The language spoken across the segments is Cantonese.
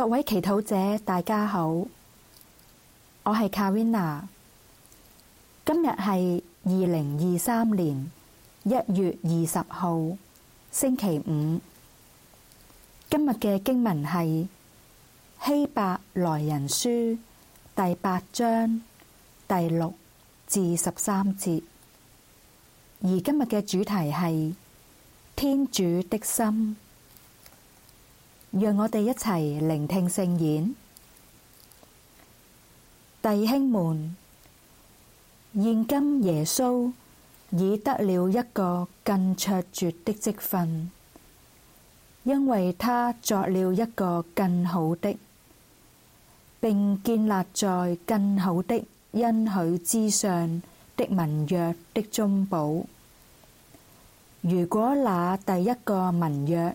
各位祈禱者，大家好，我係 Carina。今日係二零二三年一月二十號星期五。今日嘅經文係希伯來人書第八章第六至十三節，而今日嘅主題係天主的心。讓我哋一齊聆聽聖言，弟兄們，現今耶穌已得了一個更卓絕的職分，因為他作了一個更好的，並建立在更好的恩許之上的盟約的中保。如果那第一個盟約，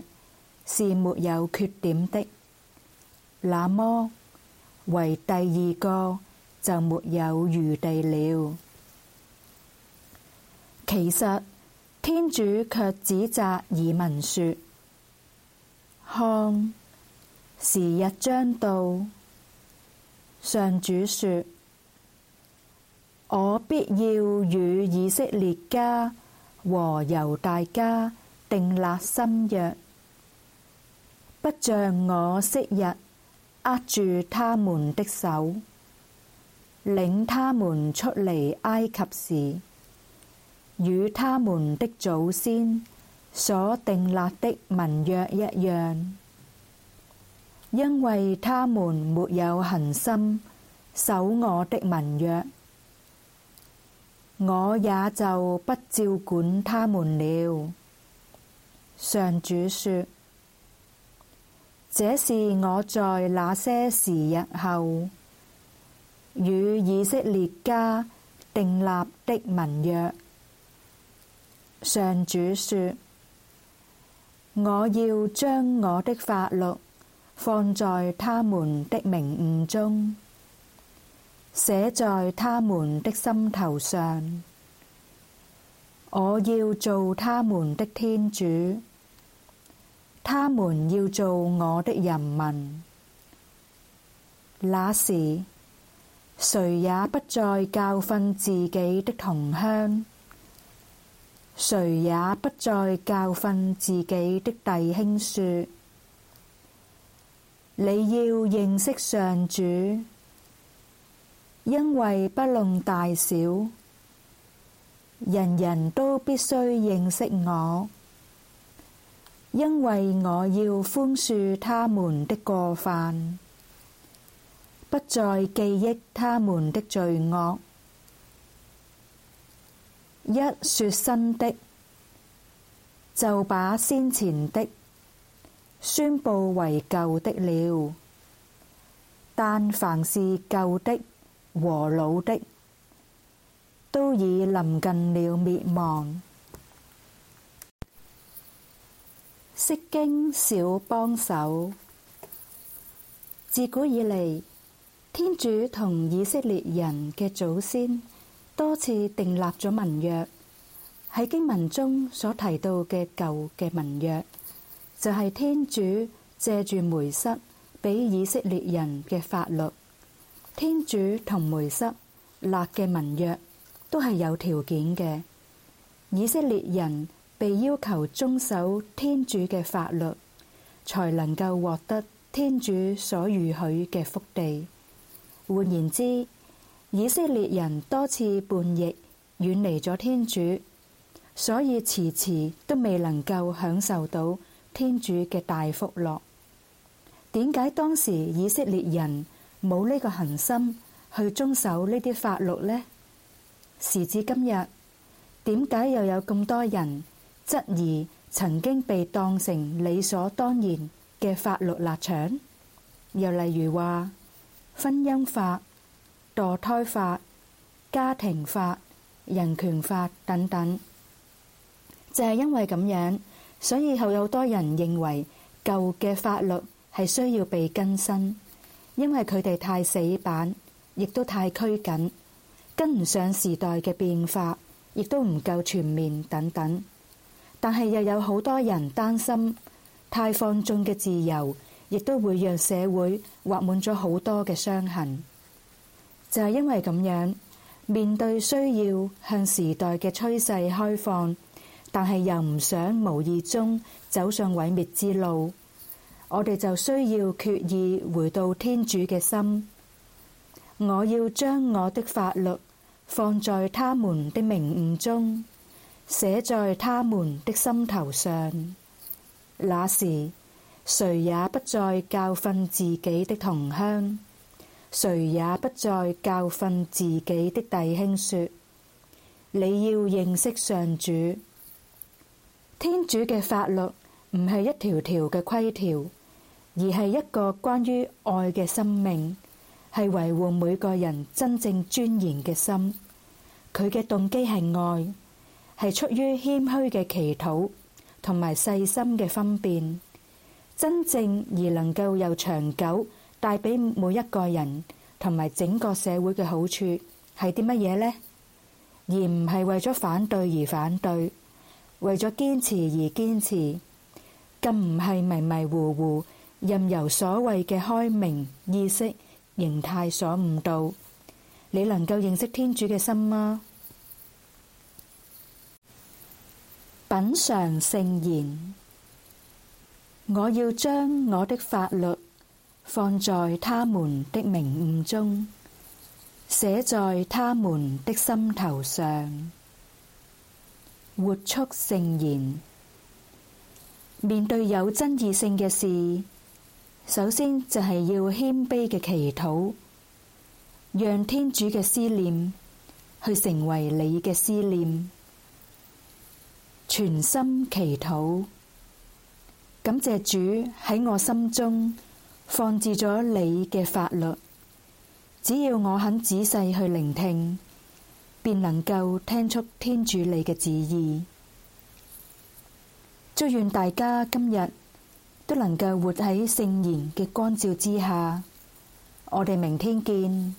是沒有缺點的，那麼為第二個就沒有餘地了。其實天主卻指摘以民説：看時日將到，上主説我必要與以色列家和猶大家訂立新約。不像我昔日握住他們的手，領他們出離埃及時，與他們的祖先所訂立的盟約一樣，因為他們沒有恆心守我的盟約，我也就不照管他們了。上主說。這是我在那些時日後，與以色列家訂立的盟約。上主說：我要將我的法律放在他們的明悟中，寫在他們的心頭上。我要做他們的天主。他們要做我的人民。那時，誰也不再教訓自己的同鄉，誰也不再教訓自己的弟兄說：你要認識上主，因為不論大小，人人都必須認識我。因為我要寬恕他們的過犯，不再記憶他們的罪惡。一說新的，就把先前的，宣佈為舊的了。但凡是舊的和老的，都已臨近了滅亡。釋經小幫手。自古以嚟，天主同以色列人嘅祖先多次訂立咗盟約。喺經文中所提到嘅舊嘅盟約，就係、是、天主借住梅瑟俾以色列人嘅法律。天主同梅瑟立嘅盟約都係有條件嘅。以色列人。被要求遵守天主嘅法律，才能夠獲得天主所預許嘅福地。換言之，以色列人多次叛逆，遠離咗天主，所以遲遲都未能夠享受到天主嘅大福樂。點解當時以色列人冇呢個恒心去遵守呢啲法律呢？時至今日，點解又有咁多人？質疑曾經被當成理所當然嘅法律立場，又例如話婚姻法、墮胎法、家庭法、人權法等等，就係、是、因為咁樣，所以後有多人認為舊嘅法律係需要被更新，因為佢哋太死板，亦都太拘謹，跟唔上時代嘅變化，亦都唔夠全面等等。但係又有好多人擔心太放縱嘅自由，亦都會讓社會畫滿咗好多嘅傷痕。就係、是、因為咁樣，面對需要向時代嘅趨勢開放，但係又唔想無意中走上毀滅之路，我哋就需要決意回到天主嘅心。我要將我的法律放在他們的明悟中。寫在他們的心頭上。那時，誰也不再教訓自己的同鄉，誰也不再教訓自己的弟兄說，說你要認識上主。天主嘅法律唔係一條條嘅規條，而係一個關於愛嘅生命，係維護每個人真正尊嚴嘅心。佢嘅動機係愛。係出於謙虛嘅祈禱，同埋細心嘅分辨，真正而能夠又長久帶俾每一個人同埋整個社會嘅好處，係啲乜嘢呢？而唔係為咗反對而反對，為咗堅持而堅持，更唔係迷迷糊糊任由所謂嘅開明意識形態所誤導。你能夠認識天主嘅心嗎、啊？品嚐聖言，我要將我的法律放在他們的明悟中，寫在他們的心頭上，活出聖言。面對有爭議性嘅事，首先就係要謙卑嘅祈禱，讓天主嘅思念去成為你嘅思念。全心祈禱，感謝主喺我心中放置咗祢嘅法律。只要我肯仔細去聆聽，便能夠聽出天主祢嘅旨意。祝願大家今日都能夠活喺聖言嘅光照之下。我哋明天見。